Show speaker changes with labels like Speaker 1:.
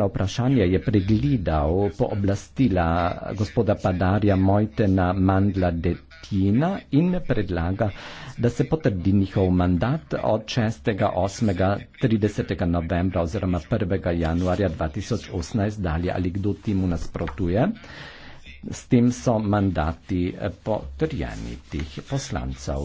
Speaker 1: na vprašanje je pregledal pooblastila gospoda Padarja Mojtena Mandla Detina in predlaga, da se potrdi njihov mandat od 6. 8. 30. novembra oziroma 1. januarja 2018 dalje ali kdo temu nasprotuje. S tem so mandati potrjeni teh poslancev.